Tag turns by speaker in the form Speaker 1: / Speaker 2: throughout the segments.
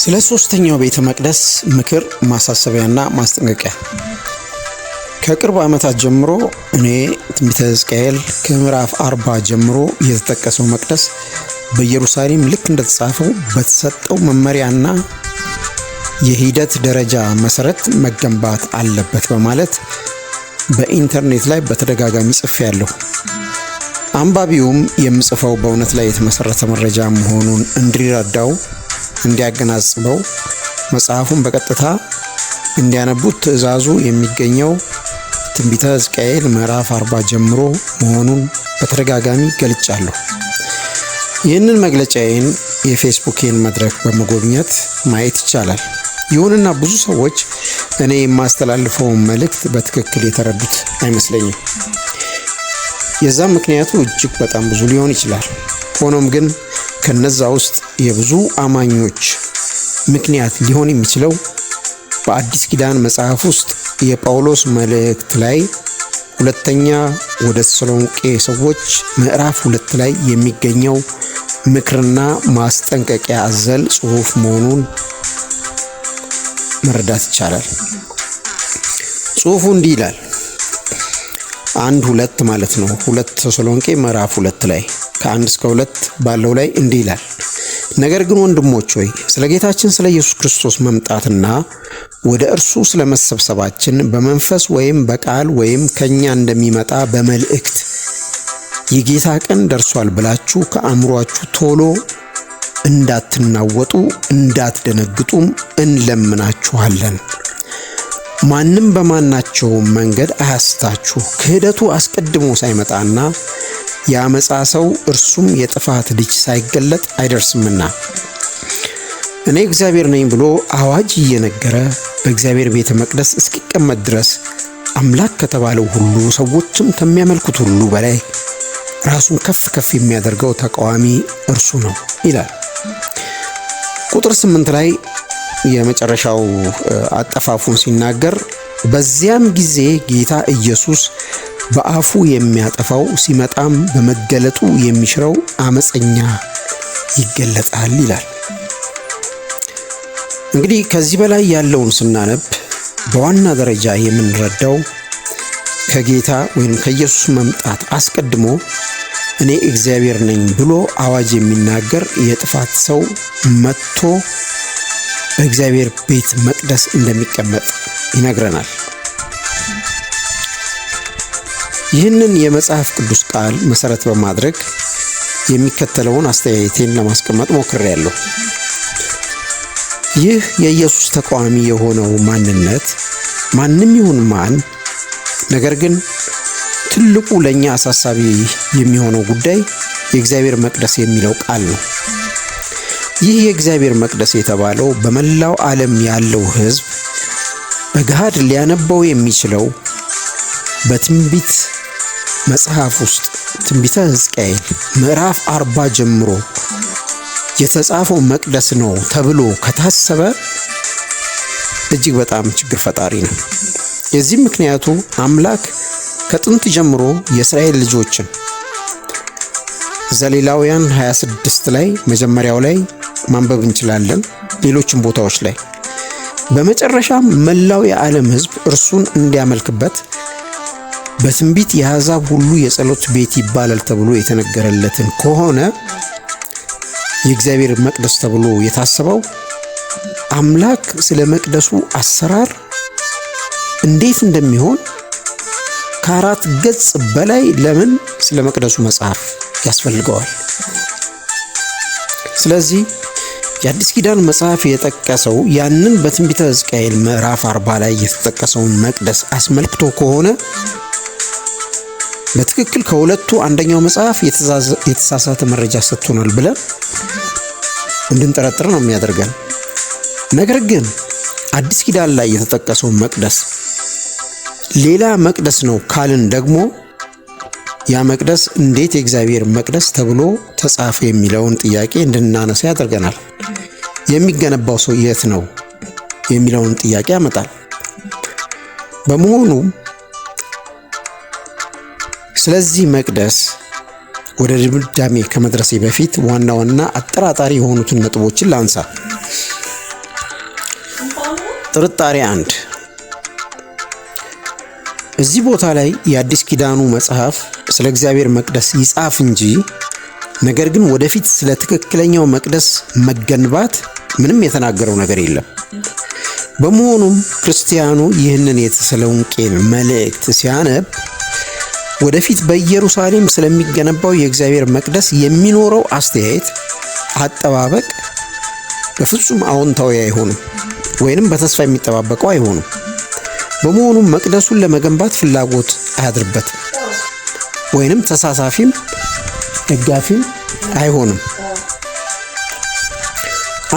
Speaker 1: ስለ ሶስተኛው ቤተ መቅደስ ምክር ማሳሰቢያና ማስጠንቀቂያ ከቅርብ ዓመታት ጀምሮ እኔ ትንቢተ ሕዝቅኤል ከምዕራፍ አርባ ጀምሮ የተጠቀሰው መቅደስ በኢየሩሳሌም ልክ እንደተጻፈው በተሰጠው መመሪያና የሂደት ደረጃ መሰረት መገንባት አለበት በማለት በኢንተርኔት ላይ በተደጋጋሚ ያለሁ አንባቢውም የምጽፈው በእውነት ላይ የተመሰረተ መረጃ መሆኑን እንዲረዳው እንዲያገናጽበው መጽሐፉን በቀጥታ እንዲያነቡት ትእዛዙ የሚገኘው ትንቢተ ሕዝቅኤል ምዕራፍ አርባ ጀምሮ መሆኑን በተደጋጋሚ ገልጫለሁ። ይህንን መግለጫዬን የፌስቡኬን መድረክ በመጎብኘት ማየት ይቻላል። ይሁንና ብዙ ሰዎች እኔ የማስተላልፈውን መልእክት በትክክል የተረዱት አይመስለኝም። የዛም ምክንያቱ እጅግ በጣም ብዙ ሊሆን ይችላል። ሆኖም ግን ከነዛ ውስጥ የብዙ አማኞች ምክንያት ሊሆን የሚችለው በአዲስ ኪዳን መጽሐፍ ውስጥ የጳውሎስ መልእክት ላይ ሁለተኛ ወደ ተሰሎንቄ ሰዎች ምዕራፍ ሁለት ላይ የሚገኘው ምክርና ማስጠንቀቂያ አዘል ጽሑፍ መሆኑን መረዳት ይቻላል። ጽሑፉ እንዲህ ይላል። አንድ ሁለት ማለት ነው። ሁለት ተሰሎንቄ ምዕራፍ ሁለት ላይ ከአንድ እስከ ሁለት ባለው ላይ እንዲህ ይላል። ነገር ግን ወንድሞች ሆይ ስለ ጌታችን ስለ ኢየሱስ ክርስቶስ መምጣትና ወደ እርሱ ስለ መሰብሰባችን በመንፈስ ወይም በቃል ወይም ከእኛ እንደሚመጣ በመልእክት የጌታ ቀን ደርሷል ብላችሁ ከአእምሯችሁ ቶሎ እንዳትናወጡ እንዳትደነግጡም እንለምናችኋለን። ማንም በማናቸውም መንገድ አያስታችሁ። ክህደቱ አስቀድሞ ሳይመጣና የአመፃ ሰው እርሱም የጥፋት ልጅ ሳይገለጥ አይደርስምና እኔ እግዚአብሔር ነኝ ብሎ አዋጅ እየነገረ በእግዚአብሔር ቤተ መቅደስ እስኪቀመጥ ድረስ አምላክ ከተባለው ሁሉ ሰዎችም ከሚያመልኩት ሁሉ በላይ ራሱን ከፍ ከፍ የሚያደርገው ተቃዋሚ እርሱ ነው ይላል። ቁጥር ስምንት ላይ የመጨረሻው አጠፋፉን ሲናገር በዚያም ጊዜ ጌታ ኢየሱስ በአፉ የሚያጠፋው ሲመጣም በመገለጡ የሚሽረው አመፀኛ ይገለጣል ይላል። እንግዲህ ከዚህ በላይ ያለውን ስናነብ በዋና ደረጃ የምንረዳው ከጌታ ወይም ከኢየሱስ መምጣት አስቀድሞ እኔ እግዚአብሔር ነኝ ብሎ አዋጅ የሚናገር የጥፋት ሰው መጥቶ በእግዚአብሔር ቤት መቅደስ እንደሚቀመጥ ይነግረናል። ይህንን የመጽሐፍ ቅዱስ ቃል መሰረት በማድረግ የሚከተለውን አስተያየቴን ለማስቀመጥ ሞክሬያለሁ። ይህ የኢየሱስ ተቃዋሚ የሆነው ማንነት ማንም ይሁን ማን፣ ነገር ግን ትልቁ ለእኛ አሳሳቢ የሚሆነው ጉዳይ የእግዚአብሔር መቅደስ የሚለው ቃል ነው። ይህ የእግዚአብሔር መቅደስ የተባለው በመላው ዓለም ያለው ሕዝብ በገሃድ ሊያነበው የሚችለው በትንቢት መጽሐፍ ውስጥ ትንቢተ ሕዝቅኤል ምዕራፍ አርባ ጀምሮ የተጻፈው መቅደስ ነው ተብሎ ከታሰበ እጅግ በጣም ችግር ፈጣሪ ነው። የዚህም ምክንያቱ አምላክ ከጥንት ጀምሮ የእስራኤል ልጆችን ዘሌላውያን 26 ላይ መጀመሪያው ላይ ማንበብ እንችላለን። ሌሎችም ቦታዎች ላይ በመጨረሻም መላው የዓለም ሕዝብ እርሱን እንዲያመልክበት በትንቢት የአሕዛብ ሁሉ የጸሎት ቤት ይባላል ተብሎ የተነገረለትን ከሆነ የእግዚአብሔር መቅደስ ተብሎ የታሰበው አምላክ ስለ መቅደሱ አሰራር እንዴት እንደሚሆን ከአራት ገጽ በላይ ለምን ስለ መቅደሱ መጽሐፍ ያስፈልገዋል? ስለዚህ የአዲስ ኪዳን መጽሐፍ የጠቀሰው ያንን በትንቢተ ሕዝቅኤል ምዕራፍ 40 ላይ የተጠቀሰውን መቅደስ አስመልክቶ ከሆነ በትክክል ከሁለቱ አንደኛው መጽሐፍ የተሳሳተ መረጃ ሰጥቶናል ብለን እንድንጠረጥር ነው የሚያደርገን። ነገር ግን አዲስ ኪዳን ላይ የተጠቀሰው መቅደስ ሌላ መቅደስ ነው ካልን ደግሞ ያ መቅደስ እንዴት የእግዚአብሔር መቅደስ ተብሎ ተጻፈ የሚለውን ጥያቄ እንድናነሳ ያደርገናል። የሚገነባው ሰው የት ነው የሚለውን ጥያቄ ያመጣል። በመሆኑም ስለዚህ መቅደስ ወደ ድምዳሜ ከመድረሴ በፊት ዋና ዋና አጠራጣሪ የሆኑትን ነጥቦችን ላንሳ። ጥርጣሬ አንድ እዚህ ቦታ ላይ የአዲስ ኪዳኑ መጽሐፍ ስለ እግዚአብሔር መቅደስ ይጻፍ እንጂ ነገር ግን ወደፊት ስለ ትክክለኛው መቅደስ መገንባት ምንም የተናገረው ነገር የለም። በመሆኑም ክርስቲያኑ ይህንን የተሰሎንቄ መልእክት ሲያነብ ወደፊት በኢየሩሳሌም ስለሚገነባው የእግዚአብሔር መቅደስ የሚኖረው አስተያየት አጠባበቅ በፍጹም አዎንታዊ አይሆንም ወይንም በተስፋ የሚጠባበቀው አይሆንም። በመሆኑም መቅደሱን ለመገንባት ፍላጎት አያድርበትም ወይንም ተሳሳፊም ደጋፊም አይሆንም።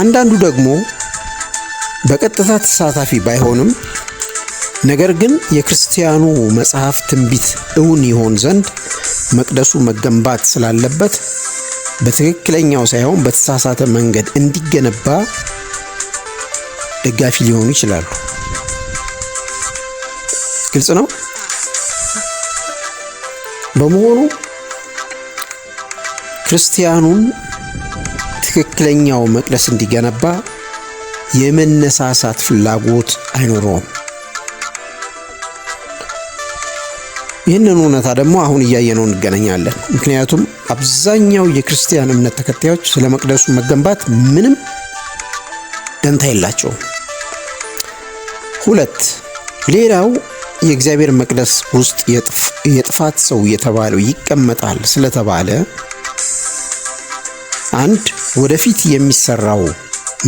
Speaker 1: አንዳንዱ ደግሞ በቀጥታ ተሳታፊ ባይሆንም ነገር ግን የክርስቲያኑ መጽሐፍ ትንቢት እውን ይሆን ዘንድ መቅደሱ መገንባት ስላለበት በትክክለኛው ሳይሆን በተሳሳተ መንገድ እንዲገነባ ደጋፊ ሊሆኑ ይችላሉ። ግልጽ ነው። በመሆኑ ክርስቲያኑን ትክክለኛው መቅደስ እንዲገነባ የመነሳሳት ፍላጎት አይኖረውም። ይህንን እውነታ ደግሞ አሁን እያየነው እንገናኛለን። ምክንያቱም አብዛኛው የክርስቲያን እምነት ተከታዮች ስለ መቅደሱ መገንባት ምንም ደንታ የላቸውም። ሁለት ሌላው የእግዚአብሔር መቅደስ ውስጥ የጥፋት ሰው የተባለው ይቀመጣል ስለተባለ አንድ ወደፊት የሚሰራው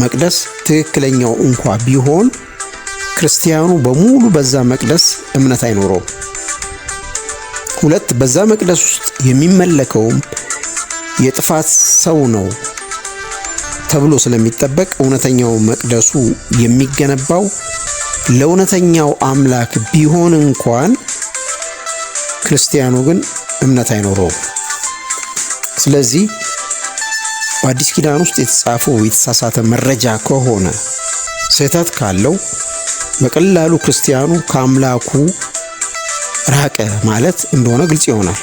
Speaker 1: መቅደስ ትክክለኛው እንኳ ቢሆን ክርስቲያኑ በሙሉ በዛ መቅደስ እምነት አይኖረውም። ሁለት በዛ መቅደስ ውስጥ የሚመለከውም የጥፋት ሰው ነው ተብሎ ስለሚጠበቅ እውነተኛው መቅደሱ የሚገነባው ለእውነተኛው አምላክ ቢሆን እንኳን ክርስቲያኑ ግን እምነት አይኖረውም። ስለዚህ በአዲስ ኪዳን ውስጥ የተጻፈው የተሳሳተ መረጃ ከሆነ ስህተት ካለው በቀላሉ ክርስቲያኑ ከአምላኩ ራቀ ማለት እንደሆነ ግልጽ ይሆናል።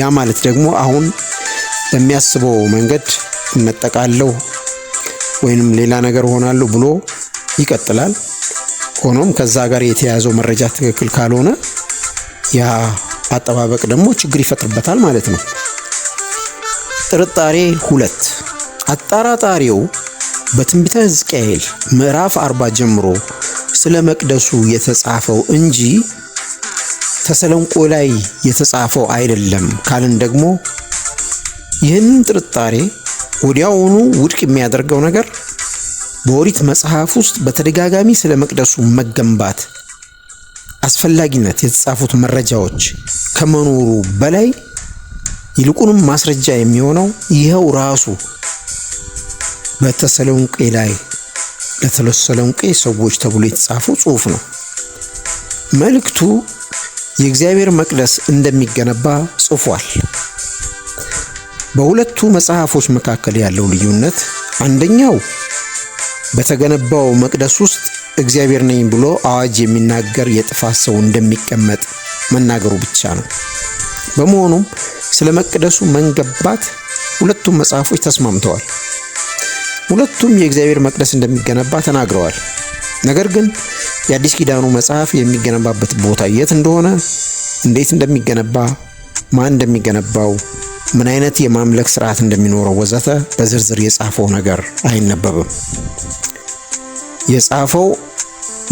Speaker 1: ያ ማለት ደግሞ አሁን በሚያስበው መንገድ እመጠቃለሁ ወይንም ሌላ ነገር ሆናለሁ ብሎ ይቀጥላል። ሆኖም ከዛ ጋር የተያያዘው መረጃ ትክክል ካልሆነ ያ አጠባበቅ ደግሞ ችግር ይፈጥርበታል ማለት ነው። ጥርጣሬ ሁለት አጠራጣሪው በትንቢተ ሕዝቅኤል ምዕራፍ 40 ጀምሮ ስለ መቅደሱ የተጻፈው እንጂ ተሰለንቆ ላይ የተጻፈው አይደለም ካልን ደግሞ ይህንን ጥርጣሬ ወዲያውኑ ውድቅ የሚያደርገው ነገር በኦሪት መጽሐፍ ውስጥ በተደጋጋሚ ስለ መቅደሱ መገንባት አስፈላጊነት የተጻፉት መረጃዎች ከመኖሩ በላይ ይልቁንም ማስረጃ የሚሆነው ይኸው ራሱ በተሰሎንቄ ላይ ለተሰሎንቄ ሰዎች ተብሎ የተጻፈው ጽሑፍ ነው። መልእክቱ የእግዚአብሔር መቅደስ እንደሚገነባ ጽፏል። በሁለቱ መጽሐፎች መካከል ያለው ልዩነት አንደኛው በተገነባው መቅደስ ውስጥ እግዚአብሔር ነኝ ብሎ አዋጅ የሚናገር የጥፋት ሰው እንደሚቀመጥ መናገሩ ብቻ ነው። በመሆኑም ስለ መቅደሱ መንገባት ሁለቱም መጽሐፎች ተስማምተዋል። ሁለቱም የእግዚአብሔር መቅደስ እንደሚገነባ ተናግረዋል። ነገር ግን የአዲስ ኪዳኑ መጽሐፍ የሚገነባበት ቦታ የት እንደሆነ፣ እንዴት እንደሚገነባ፣ ማን እንደሚገነባው፣ ምን አይነት የማምለክ ስርዓት እንደሚኖረው ወዘተ በዝርዝር የጻፈው ነገር አይነበብም። የጻፈው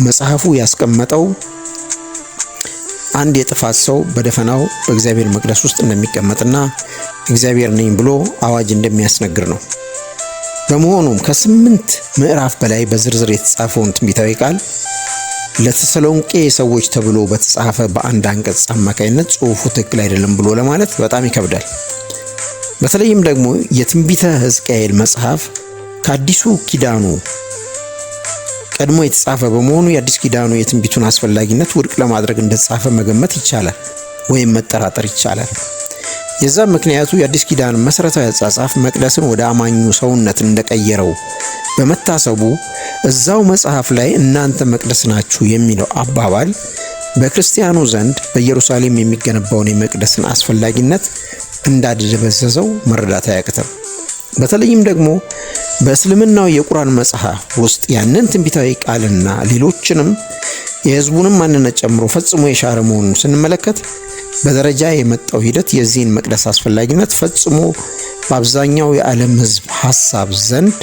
Speaker 1: መጽሐፉ ያስቀመጠው አንድ የጥፋት ሰው በደፈናው በእግዚአብሔር መቅደስ ውስጥ እንደሚቀመጥና እግዚአብሔር ነኝ ብሎ አዋጅ እንደሚያስነግር ነው። በመሆኑም ከስምንት ምዕራፍ በላይ በዝርዝር የተጻፈውን ትንቢታዊ ቃል ለተሰሎንቄ ሰዎች ተብሎ በተጻፈ በአንድ አንቀጽ አማካኝነት ጽሑፉ ትክክል አይደለም ብሎ ለማለት በጣም ይከብዳል። በተለይም ደግሞ የትንቢተ ሕዝቅኤል መጽሐፍ ከአዲሱ ኪዳኑ ቀድሞ የተጻፈ በመሆኑ የአዲስ ኪዳኑ የትንቢቱን አስፈላጊነት ውድቅ ለማድረግ እንደተጻፈ መገመት ይቻላል ወይም መጠራጠር ይቻላል። የዛም ምክንያቱ የአዲስ ኪዳን መሰረታዊ አጻጻፍ መቅደስን ወደ አማኙ ሰውነት እንደቀየረው በመታሰቡ እዛው መጽሐፍ ላይ እናንተ መቅደስ ናችሁ የሚለው አባባል በክርስቲያኑ ዘንድ በኢየሩሳሌም የሚገነባውን የመቅደስን አስፈላጊነት እንዳደበዘዘው መረዳት አያቅተም። በተለይም ደግሞ በእስልምናው የቁርአን መጽሐፍ ውስጥ ያንን ትንቢታዊ ቃልና ሌሎችንም የህዝቡንም ማንነት ጨምሮ ፈጽሞ የሻረ መሆኑን ስንመለከት በደረጃ የመጣው ሂደት የዚህን መቅደስ አስፈላጊነት ፈጽሞ በአብዛኛው የዓለም ሕዝብ ሀሳብ ዘንድ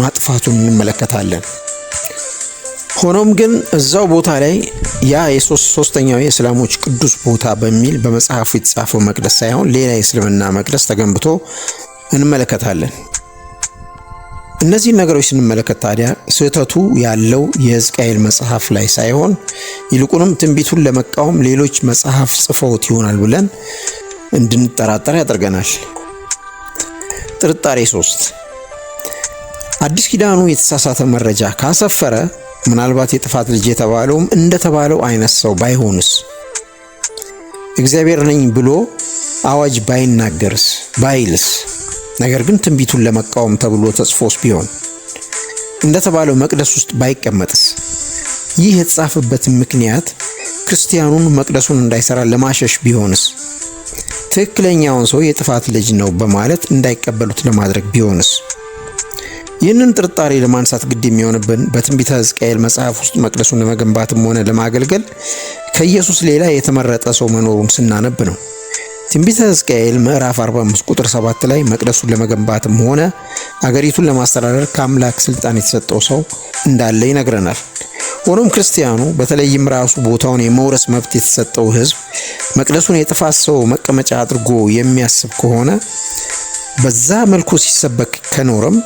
Speaker 1: ማጥፋቱን እንመለከታለን። ሆኖም ግን እዛው ቦታ ላይ ያ የሶስተኛው የእስላሞች ቅዱስ ቦታ በሚል በመጽሐፉ የተጻፈው መቅደስ ሳይሆን ሌላ የእስልምና መቅደስ ተገንብቶ እንመለከታለን። እነዚህን ነገሮች ስንመለከት ታዲያ ስህተቱ ያለው የሕዝቅኤል መጽሐፍ ላይ ሳይሆን ይልቁንም ትንቢቱን ለመቃወም ሌሎች መጽሐፍ ጽፈውት ይሆናል ብለን እንድንጠራጠር ያደርገናል። ጥርጣሬ ሶስት አዲስ ኪዳኑ የተሳሳተ መረጃ ካሰፈረ ምናልባት የጥፋት ልጅ የተባለውም እንደተባለው አይነት ሰው ባይሆንስ? እግዚአብሔር ነኝ ብሎ አዋጅ ባይናገርስ? ባይልስ? ነገር ግን ትንቢቱን ለመቃወም ተብሎ ተጽፎስ ቢሆን እንደተባለው መቅደስ ውስጥ ባይቀመጥስ? ይህ የተጻፈበት ምክንያት ክርስቲያኑን መቅደሱን እንዳይሰራ ለማሸሽ ቢሆንስ? ትክክለኛውን ሰው የጥፋት ልጅ ነው በማለት እንዳይቀበሉት ለማድረግ ቢሆንስ? ይህንን ጥርጣሬ ለማንሳት ግድ የሚሆንብን በትንቢተ ሕዝቅኤል መጽሐፍ ውስጥ መቅደሱን ለመገንባትም ሆነ ለማገልገል ከኢየሱስ ሌላ የተመረጠ ሰው መኖሩን ስናነብ ነው። ትንቢተ ሕዝቅኤል ምዕራፍ 45 ቁጥር 7 ላይ መቅደሱን ለመገንባትም ሆነ አገሪቱን ለማስተዳደር ከአምላክ ስልጣን የተሰጠው ሰው እንዳለ ይነግረናል። ሆኖም ክርስቲያኑ በተለይም ራሱ ቦታውን የመውረስ መብት የተሰጠው ሕዝብ መቅደሱን የጥፋት ሰው መቀመጫ አድርጎ የሚያስብ ከሆነ በዛ መልኩ ሲሰበክ ከኖረም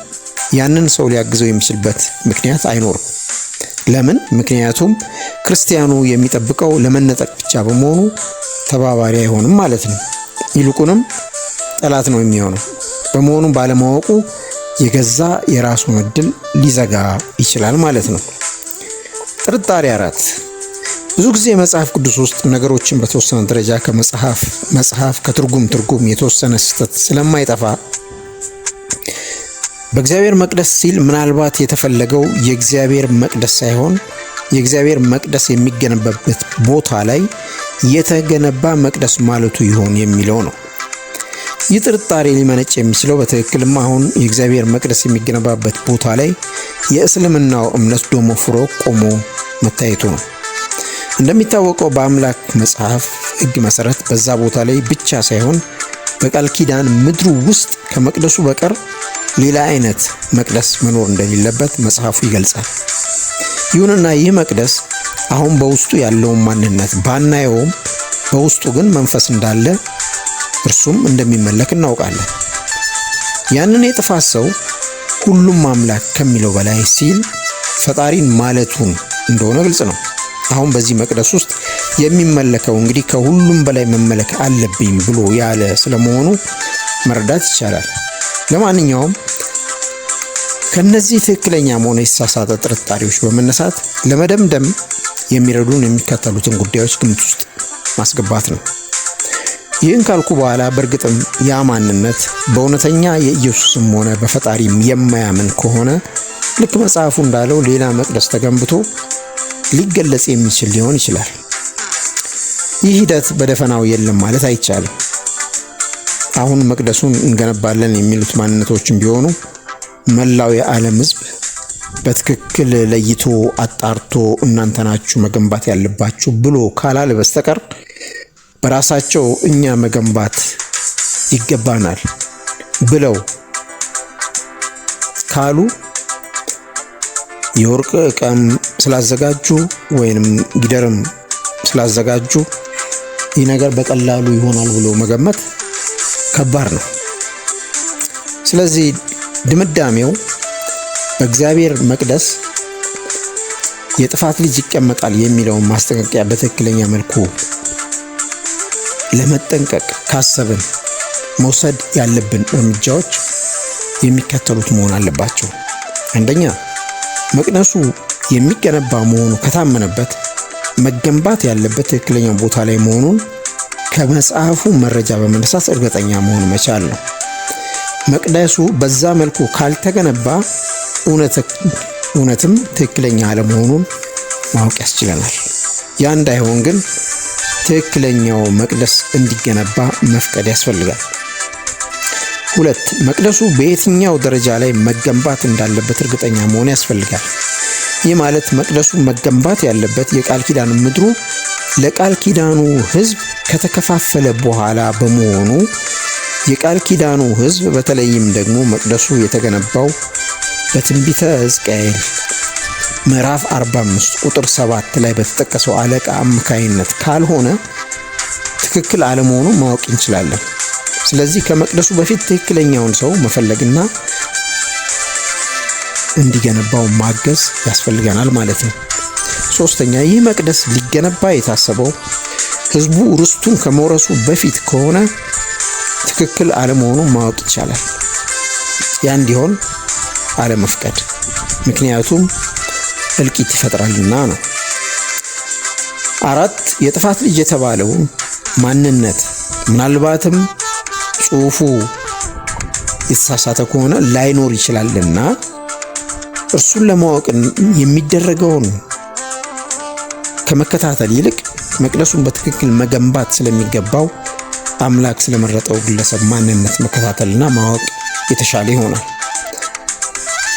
Speaker 1: ያንን ሰው ሊያግዘው የሚችልበት ምክንያት አይኖርም። ለምን? ምክንያቱም ክርስቲያኑ የሚጠብቀው ለመነጠቅ ብቻ በመሆኑ ተባባሪ አይሆንም ማለት ነው። ይልቁንም ጠላት ነው የሚሆነው። በመሆኑም ባለማወቁ የገዛ የራሱን እድል ሊዘጋ ይችላል ማለት ነው። ጥርጣሬ አራት ብዙ ጊዜ መጽሐፍ ቅዱስ ውስጥ ነገሮችን በተወሰነ ደረጃ ከመጽሐፍ መጽሐፍ ከትርጉም ትርጉም የተወሰነ ስህተት ስለማይጠፋ በእግዚአብሔር መቅደስ ሲል ምናልባት የተፈለገው የእግዚአብሔር መቅደስ ሳይሆን የእግዚአብሔር መቅደስ የሚገነባበት ቦታ ላይ የተገነባ መቅደስ ማለቱ ይሆን የሚለው ነው። ይህ ጥርጣሬ ሊመነጭ የሚችለው በትክክልም አሁን የእግዚአብሔር መቅደስ የሚገነባበት ቦታ ላይ የእስልምናው እምነት ዶሞ ፍሮ ቆሞ መታየቱ ነው። እንደሚታወቀው በአምላክ መጽሐፍ ሕግ መሰረት በዛ ቦታ ላይ ብቻ ሳይሆን በቃል ኪዳን ምድሩ ውስጥ ከመቅደሱ በቀር ሌላ አይነት መቅደስ መኖር እንደሌለበት መጽሐፉ ይገልጻል። ይሁንና ይህ መቅደስ አሁን በውስጡ ያለውን ማንነት ባናየውም በውስጡ ግን መንፈስ እንዳለ እርሱም እንደሚመለክ እናውቃለን። ያንን የጥፋት ሰው ሁሉም አምላክ ከሚለው በላይ ሲል ፈጣሪን ማለቱን እንደሆነ ግልጽ ነው። አሁን በዚህ መቅደስ ውስጥ የሚመለከው እንግዲህ ከሁሉም በላይ መመለክ አለብኝ ብሎ ያለ ስለመሆኑ መረዳት ይቻላል። ለማንኛውም ከነዚህ ትክክለኛ መሆነ የተሳሳተ ጥርጣሬዎች በመነሳት ለመደምደም የሚረዱን የሚከተሉትን ጉዳዮች ግምት ውስጥ ማስገባት ነው። ይህን ካልኩ በኋላ በእርግጥም ያ ማንነት በእውነተኛ የኢየሱስም ሆነ በፈጣሪም የማያምን ከሆነ ልክ መጽሐፉ እንዳለው ሌላ መቅደስ ተገንብቶ ሊገለጽ የሚችል ሊሆን ይችላል። ይህ ሂደት በደፈናው የለም ማለት አይቻልም። አሁን መቅደሱን እንገነባለን የሚሉት ማንነቶችም ቢሆኑ መላው የዓለም ሕዝብ በትክክል ለይቶ አጣርቶ እናንተ ናችሁ መገንባት ያለባችሁ ብሎ ካላል በስተቀር በራሳቸው እኛ መገንባት ይገባናል ብለው ካሉ የወርቅ ቀም ስላዘጋጁ ወይንም ጊደርም ስላዘጋጁ ይህ ነገር በቀላሉ ይሆናል ብሎ መገመት ከባድ ነው። ስለዚህ ድምዳሜው በእግዚአብሔር መቅደስ የጥፋት ልጅ ይቀመጣል የሚለውን ማስጠንቀቂያ በትክክለኛ መልኩ ለመጠንቀቅ ካሰብን መውሰድ ያለብን እርምጃዎች የሚከተሉት መሆን አለባቸው። አንደኛ መቅደሱ የሚገነባ መሆኑ ከታመነበት መገንባት ያለበት ትክክለኛው ቦታ ላይ መሆኑን ከመጽሐፉ መረጃ በመነሳት እርግጠኛ መሆን መቻል ነው። መቅደሱ በዛ መልኩ ካልተገነባ እውነትም ትክክለኛ አለመሆኑን ማወቅ ያስችለናል። ያ እንዳይሆን ግን ትክክለኛው መቅደስ እንዲገነባ መፍቀድ ያስፈልጋል። ሁለት መቅደሱ በየትኛው ደረጃ ላይ መገንባት እንዳለበት እርግጠኛ መሆን ያስፈልጋል። ይህ ማለት መቅደሱ መገንባት ያለበት የቃል ኪዳን ምድሩ ለቃል ኪዳኑ ሕዝብ ከተከፋፈለ በኋላ በመሆኑ የቃል ኪዳኑ ሕዝብ በተለይም ደግሞ መቅደሱ የተገነባው በትንቢተ ሕዝቅኤል ምዕራፍ 45 ቁጥር 7 ላይ በተጠቀሰው አለቃ አማካይነት ካልሆነ ትክክል አለመሆኑ ማወቅ እንችላለን። ስለዚህ ከመቅደሱ በፊት ትክክለኛውን ሰው መፈለግና እንዲገነባው ማገዝ ያስፈልገናል ማለት ነው። ሶስተኛ ይህ መቅደስ ሊገነባ የታሰበው ህዝቡ ርስቱን ከመውረሱ በፊት ከሆነ ትክክል አለመሆኑን ማወቅ ይቻላል። ያ እንዲሆን አለመፍቀድ፣ ምክንያቱም እልቂት ይፈጥራልና ነው። አራት የጥፋት ልጅ የተባለው ማንነት ምናልባትም ጽሁፉ የተሳሳተ ከሆነ ላይኖር ይችላልና እርሱን ለማወቅ የሚደረገውን ከመከታተል ይልቅ መቅደሱን በትክክል መገንባት ስለሚገባው አምላክ ስለመረጠው ግለሰብ ማንነት መከታተልና ማወቅ የተሻለ ይሆናል።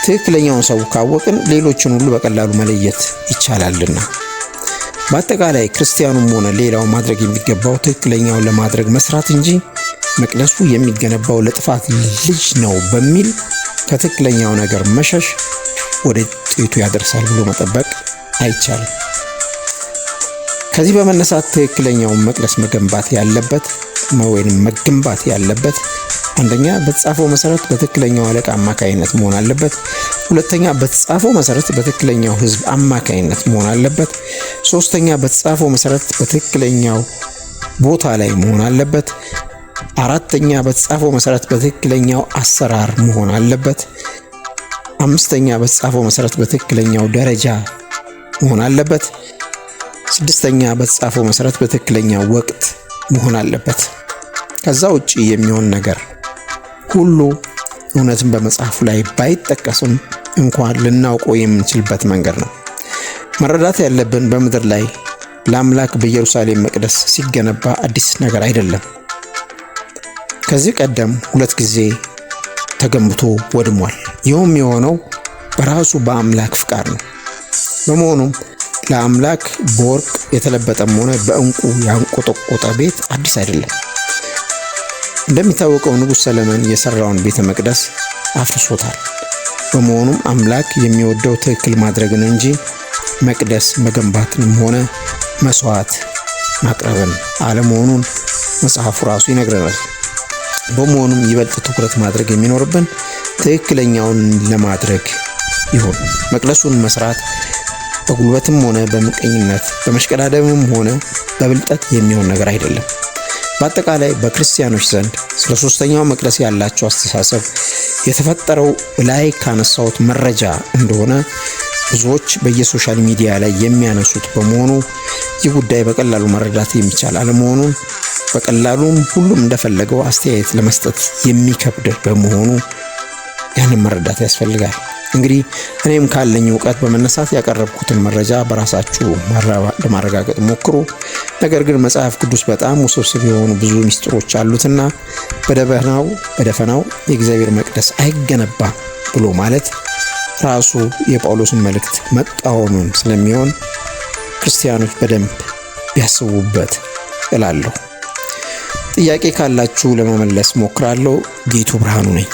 Speaker 1: ትክክለኛውን ሰው ካወቅን ሌሎችን ሁሉ በቀላሉ መለየት ይቻላልና። በአጠቃላይ ክርስቲያኑም ሆነ ሌላው ማድረግ የሚገባው ትክክለኛውን ለማድረግ መስራት እንጂ መቅደሱ የሚገነባው ለጥፋት ልጅ ነው በሚል ከትክክለኛው ነገር መሸሽ ወደ ጥይቱ ያደርሳል ብሎ መጠበቅ አይቻልም። ከዚህ በመነሳት ትክክለኛውን መቅደስ መገንባት ያለበት ወይም መገንባት ያለበት አንደኛ በተጻፈው መሰረት በትክክለኛው አለቃ አማካይነት መሆን አለበት። ሁለተኛ በተጻፈው መሰረት በትክክለኛው ሕዝብ አማካይነት መሆን አለበት። ሶስተኛ በተጻፈው መሰረት በትክክለኛው ቦታ ላይ መሆን አለበት። አራተኛ በተጻፈው መሰረት በትክክለኛው አሰራር መሆን አለበት። አምስተኛ በተጻፈው መሰረት በትክክለኛው ደረጃ መሆን አለበት። ስድስተኛ በተጻፈው መሰረት በትክክለኛ ወቅት መሆን አለበት። ከዛ ውጭ የሚሆን ነገር ሁሉ እውነትን በመጽሐፉ ላይ ባይጠቀሱም እንኳን ልናውቀው የምንችልበት መንገድ ነው። መረዳት ያለብን በምድር ላይ ለአምላክ በኢየሩሳሌም መቅደስ ሲገነባ አዲስ ነገር አይደለም። ከዚህ ቀደም ሁለት ጊዜ ተገንብቶ ወድሟል። ይሁም የሆነው በራሱ በአምላክ ፍቃድ ነው። በመሆኑም ለአምላክ በወርቅ የተለበጠም ሆነ በእንቁ ያንቆጠቆጠ ቤት አዲስ አይደለም። እንደሚታወቀው ንጉሥ ሰለሞን የሠራውን ቤተ መቅደስ አፍርሶታል። በመሆኑም አምላክ የሚወደው ትክክል ማድረግን እንጂ መቅደስ መገንባትንም ሆነ መስዋዕት ማቅረብን አለመሆኑን መጽሐፉ ራሱ ይነግረናል። በመሆኑም ይበልጥ ትኩረት ማድረግ የሚኖርብን ትክክለኛውን ለማድረግ ይሁን መቅደሱን መስራት በጉልበትም ሆነ በምቀኝነት በመሽቀዳደምም ሆነ በብልጠት የሚሆን ነገር አይደለም። በአጠቃላይ በክርስቲያኖች ዘንድ ስለ ሶስተኛው መቅደስ ያላቸው አስተሳሰብ የተፈጠረው ላይ ካነሳሁት መረጃ እንደሆነ ብዙዎች በየሶሻል ሚዲያ ላይ የሚያነሱት በመሆኑ ይህ ጉዳይ በቀላሉ መረዳት የሚቻል አለመሆኑን በቀላሉም ሁሉም እንደፈለገው አስተያየት ለመስጠት የሚከብድ በመሆኑ ያንን መረዳት ያስፈልጋል። እንግዲህ እኔም ካለኝ እውቀት በመነሳት ያቀረብኩትን መረጃ በራሳችሁ ለማረጋገጥ ሞክሩ። ነገር ግን መጽሐፍ ቅዱስ በጣም ውስብስብ የሆኑ ብዙ ምስጢሮች አሉትና በደፈናው በደፈናው የእግዚአብሔር መቅደስ አይገነባም ብሎ ማለት ራሱ የጳውሎስን መልእክት መቃወምም ስለሚሆን ክርስቲያኖች በደንብ ቢያስቡበት እላለሁ። ጥያቄ ካላችሁ ለመመለስ ሞክራለሁ። ጌቱ ብርሃኑ ነኝ።